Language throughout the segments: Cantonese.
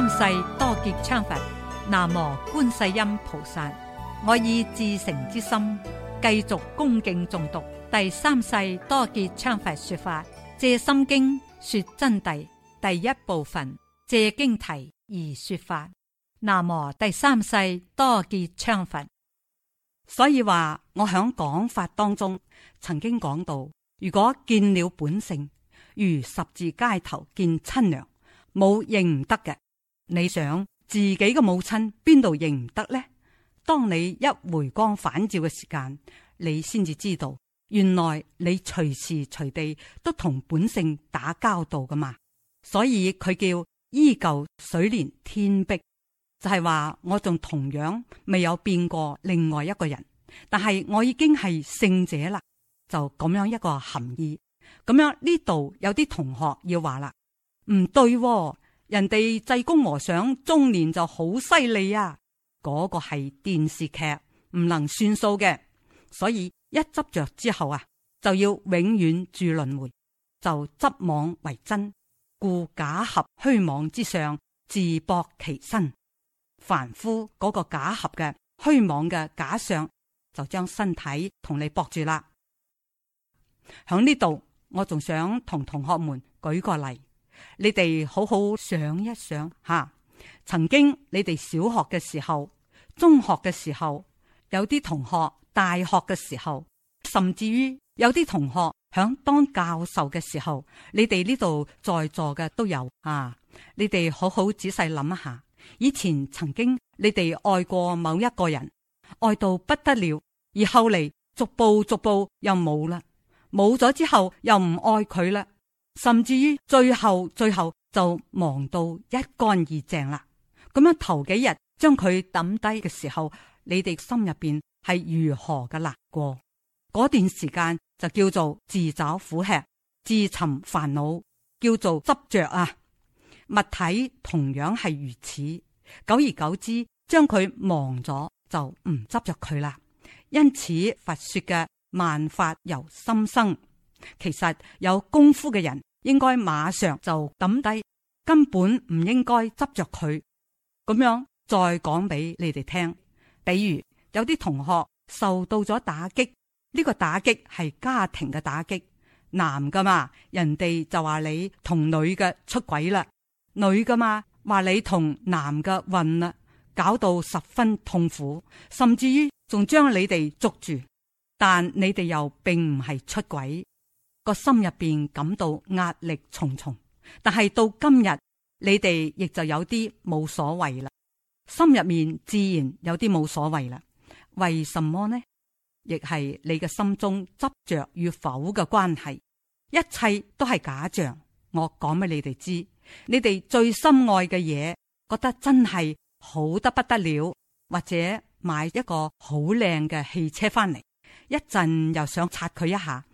三世多杰羌佛，南無觀世音菩薩。我以至誠之心繼續恭敬誦讀第三世多杰羌佛說法《藉心經》說真諦第一部分《藉經題》而說法。南無第三世多杰羌佛。所以話我喺講法當中曾經講到，如果見了本性，如十字街頭見親娘，冇認唔得嘅。你想自己嘅母親邊度認唔得呢？當你一回光返照嘅時間，你先至知道原來你隨時隨地都同本性打交道噶嘛。所以佢叫依舊水蓮天碧，就係話我仲同樣未有變過另外一個人，但係我已經係聖者啦。就咁樣一個含義。咁樣呢度有啲同學要話啦，唔對喎。人哋濟公和尚中年就好犀利啊！嗰個係電視劇，唔能算數嘅。所以一執着之後啊，就要永遠住輪迴，就執妄為真，故假合虛妄之上，自搏其身。凡夫嗰個假合嘅虛妄嘅假相，就將身體同你搏住啦。喺呢度，我仲想同同學們舉個例。你哋好好想一想吓，啊，曾經你哋小學嘅時候、中學嘅時候，有啲同學，大學嘅時候，甚至於有啲同學響當教授嘅時候，你哋呢度在座嘅都有啊！你哋好好仔細諗一下，以前曾經你哋愛過某一個人，愛到不得了，而後嚟，逐步逐步又冇啦，冇咗之後又唔愛佢啦。甚至於最後，最後就忘到一乾二淨啦。咁樣頭幾日將佢抌低嘅時候，你哋心入邊係如何嘅難過？嗰段時間就叫做自找苦吃、自尋煩惱，叫做執着啊。物體同樣係如此，久而久之將佢忘咗，就唔執着佢啦。因此，佛說嘅萬法由心生。其實有功夫嘅人應該馬上就抌低，根本唔應該執着佢。咁樣再講俾你哋聽，比如有啲同學受到咗打擊，呢個打擊係家庭嘅打擊。男噶嘛，人哋就話你同女嘅出軌啦；女噶嘛，話你同男嘅混啦，搞到十分痛苦，甚至於仲將你哋捉住。但你哋又並唔係出軌。個心入邊感到壓力重重，但係到今日你哋亦就有啲冇所謂啦，心入面自然有啲冇所謂啦。為什麼呢？亦係你嘅心中執着與否嘅關係，一切都係假象。我講俾你哋知，你哋最心愛嘅嘢，覺得真係好得不得了，或者買一個好靚嘅汽車翻嚟，一陣又想擦佢一下。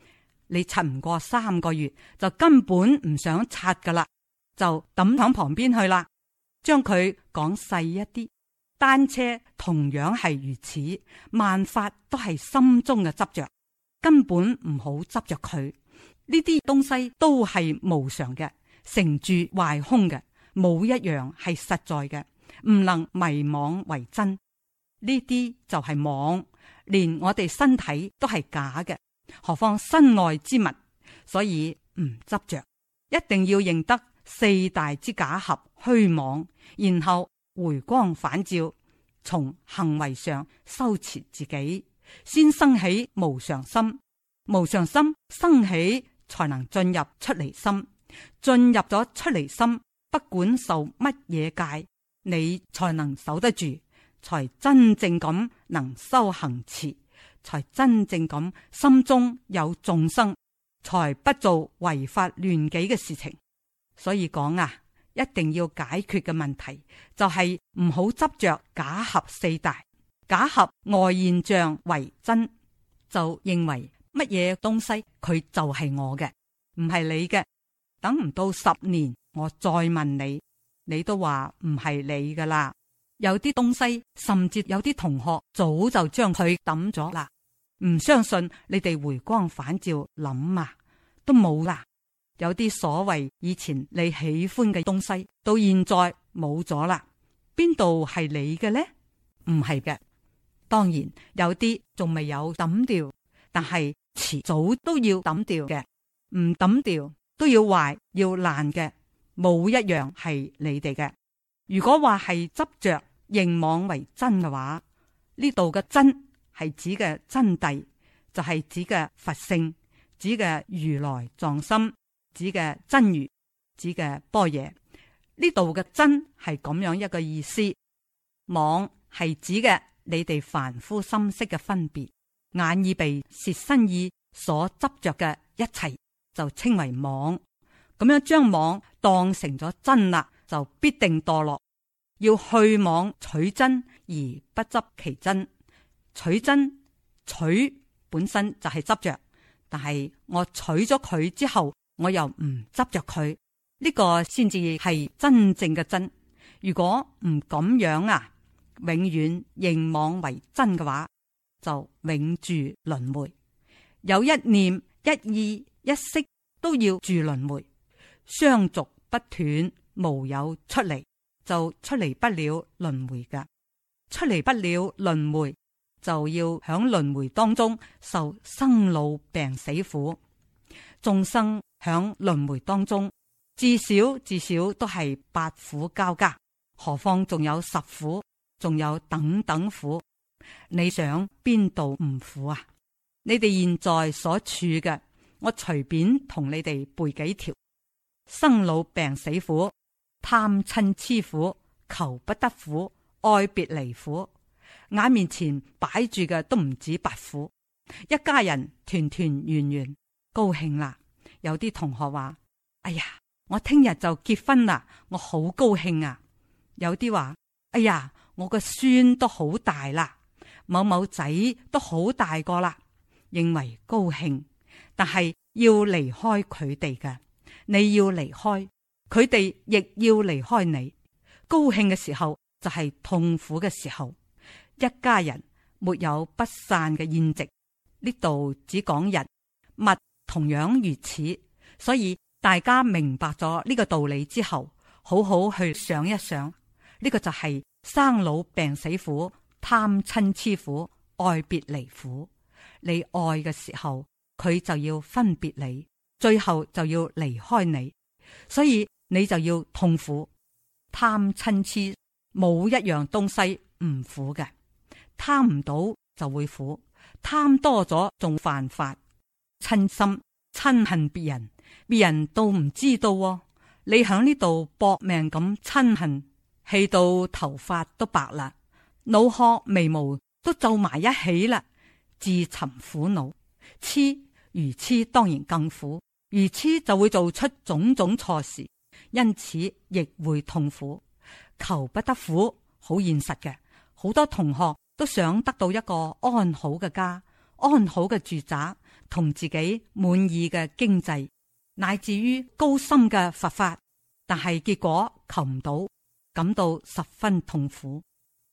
你刷唔過三個月就根本唔想刷㗎喇，就抌喺旁邊去啦。將佢講細一啲，單車同樣係如此，萬法都係心中嘅執着，根本唔好執着佢。呢啲東西都係無常嘅，成住壞空嘅，冇一樣係實在嘅，唔能迷惘為真。呢啲就係妄，連我哋身體都係假嘅。何況身外之物，所以唔執着，一定要認得四大之假合虛妄，然後回光返照，從行為上修持自己，先生起無常心，無常心生起才能進入出離心，進入咗出離心，不管受乜嘢戒，你才能守得住，才真正咁能修行持。才真正咁心中有眾生，才不做違法亂紀嘅事情。所以講啊，一定要解決嘅問題就係唔好執着假合四大，假合外現象為真，就認為乜嘢東西佢就係我嘅，唔係你嘅。等唔到十年，我再問你，你都話唔係你㗎喇。有啲東西，甚至有啲同學早就將佢揼咗喇。唔相信，你哋回光返照諗啊，都冇啦。有啲所謂以前你喜歡嘅東西，到現在冇咗啦。邊度係你嘅呢？唔係嘅。當然有啲仲未有抌掉，但係遲早都要抌掉嘅。唔抌掉都要壞要爛嘅，冇一樣係你哋嘅。如果話係執着認妄為真嘅話，呢度嘅真。係指嘅真諦，就係、是、指嘅佛性，指嘅如來藏心，指嘅真如，指嘅般若。呢度嘅真係咁樣一個意思。網係指嘅你哋凡夫心識嘅分別，眼耳鼻舌身意所執着嘅一切，就稱為網。咁樣將網當成咗真啦，就必定墮落。要去網取真，而不執其真。取真取本身就係執着，但係我取咗佢之後，我又唔執着佢，呢個先至係真正嘅真。如果唔咁樣啊，永遠認妄為真嘅話，就永住輪迴。有一念、一意、一識都要住輪迴，相續不斷，無有出嚟，就出嚟不了輪迴噶，出嚟不了輪迴。就要喺輪回當中受生老病死苦，眾生喺輪回當中至少至少都係八苦交加，何況仲有十苦，仲有等等苦。你想邊度唔苦啊？你哋現在所處嘅，我隨便同你哋背幾條：生老病死苦、貪嗔痴苦、求不得苦、愛別離苦。眼面前擺住嘅都唔止白虎，一家人團團圓圓，高興啦。有啲同學話：，哎呀，我聽日就結婚啦，我好高興啊！有啲話：，哎呀，我個孫都好大啦，某某仔都好大個啦，認為高興，但係要離開佢哋嘅，你要離開，佢哋亦要離開你。高興嘅時候就係痛苦嘅時候。就是一家人沒有不散嘅宴席，呢度只講人物同樣如此。所以大家明白咗呢個道理之後，好好去想一想，呢、呢個就係生老病死苦、貪嗔痴苦、愛別離苦。你愛嘅時候，佢就要分別你，最後就要離開你，所以你就要痛苦。貪嗔痴冇一樣東西唔苦嘅。貪唔到就會苦，貪多咗仲犯法，瞋心瞋恨別人，別人都唔知道，喎，你響呢度搏命咁瞋恨，氣到頭髮都白啦，腦殼眉毛都皺埋一起啦，自尋苦惱，痴如痴當然更苦，如痴就會做出種種錯事，因此亦會痛苦，求不得苦，好現實嘅，好多同學。都想得到一個安好嘅家、安好嘅住宅同自己滿意嘅經濟，乃至於高深嘅佛法，但係結果求唔到，感到十分痛苦。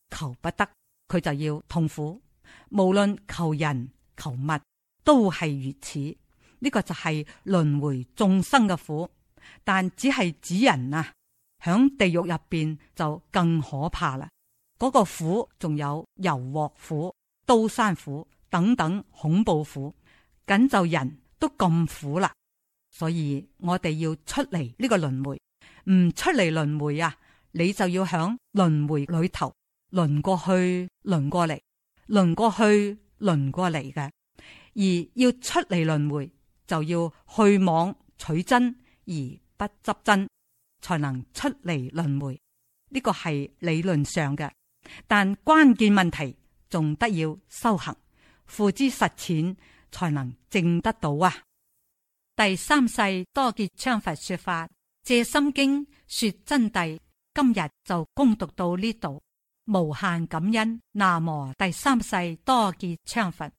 求不得，佢就要痛苦。無論求人求物，都係如此。呢個就係輪回眾生嘅苦，但只係指人啊，響地獄入邊就更可怕啦。嗰個苦，仲有油鑊苦、刀山苦等等恐怖苦，咁就人都咁苦啦。所以我哋要出嚟呢個輪迴，唔出嚟輪迴啊，你就要響輪迴裏頭輪過去，輪過嚟，輪過去，輪過嚟嘅。而要出嚟輪迴，就要去妄取真而不執真，才能出嚟輪迴。呢個係理論上嘅。但關鍵問題仲得要修行付之實踐，才能證得到啊！第三世多杰羌佛說法，藉心經說真諦，今日就恭讀到呢度，無限感恩。那麼第三世多杰羌佛。